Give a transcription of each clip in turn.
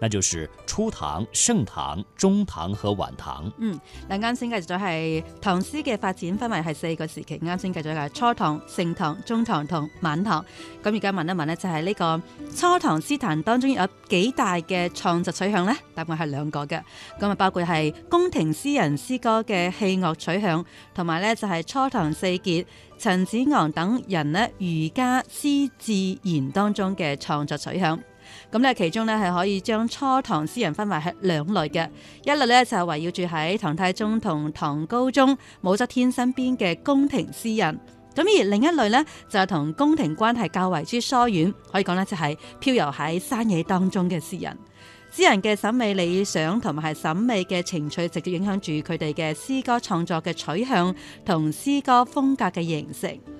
那就是初唐、盛唐、中唐和晚唐。嗯，嗱，啱先計咗係唐詩嘅發展分為係四個時期，啱先計咗係初唐、盛唐、中唐同晚唐。咁而家問一問呢就係呢個初唐詩壇當中有幾大嘅創作取向呢？答案係兩個嘅，咁啊包括係宮廷詩人詩歌嘅器樂取向，同埋呢就係初唐四傑、陳子昂等人呢儒家詩自然當中嘅創作取向。咁咧，其中咧係可以將初唐詩人分為係兩類嘅，一類咧就係圍繞住喺唐太宗同唐高宗武則天身邊嘅宮廷詩人，咁而另一類咧就係同宮廷關係較為之疏遠，可以講咧就係漂遊喺山野當中嘅詩人。詩人嘅審美理想同埋係審美嘅情趣，直接影響住佢哋嘅詩歌創作嘅取向同詩歌風格嘅形成。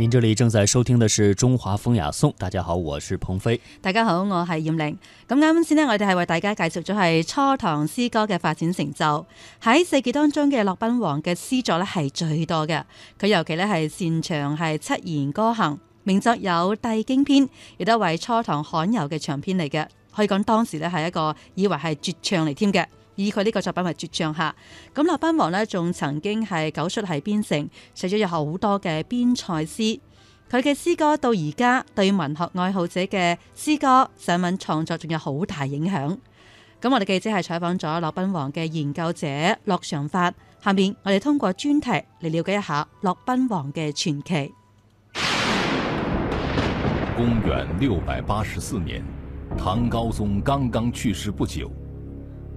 您這裏正在收聽的是《中華風雅頌》，大家好，我是彭飛。大家好，我係燕玲。咁啱先呢，我哋係為大家介紹咗係初唐詩歌嘅發展成就。喺四傑當中嘅駱賓王嘅詩作呢係最多嘅，佢尤其呢係擅長係七言歌行，名作有《帝京篇》，亦都係初唐罕有嘅長篇嚟嘅，可以講當時呢係一個以為係絕唱嚟添嘅。以佢呢個作品為絕唱下，咁駱賓王呢仲曾經係九出係邊城，寫咗有好多嘅邊塞詩。佢嘅詩歌到而家對文學愛好者嘅詩歌散文創作仲有好大影響。咁我哋記者係採訪咗駱賓王嘅研究者駱常發，下面我哋通過專題嚟了解一下駱賓王嘅傳奇。公元六百八十四年，唐高宗剛剛去世不久。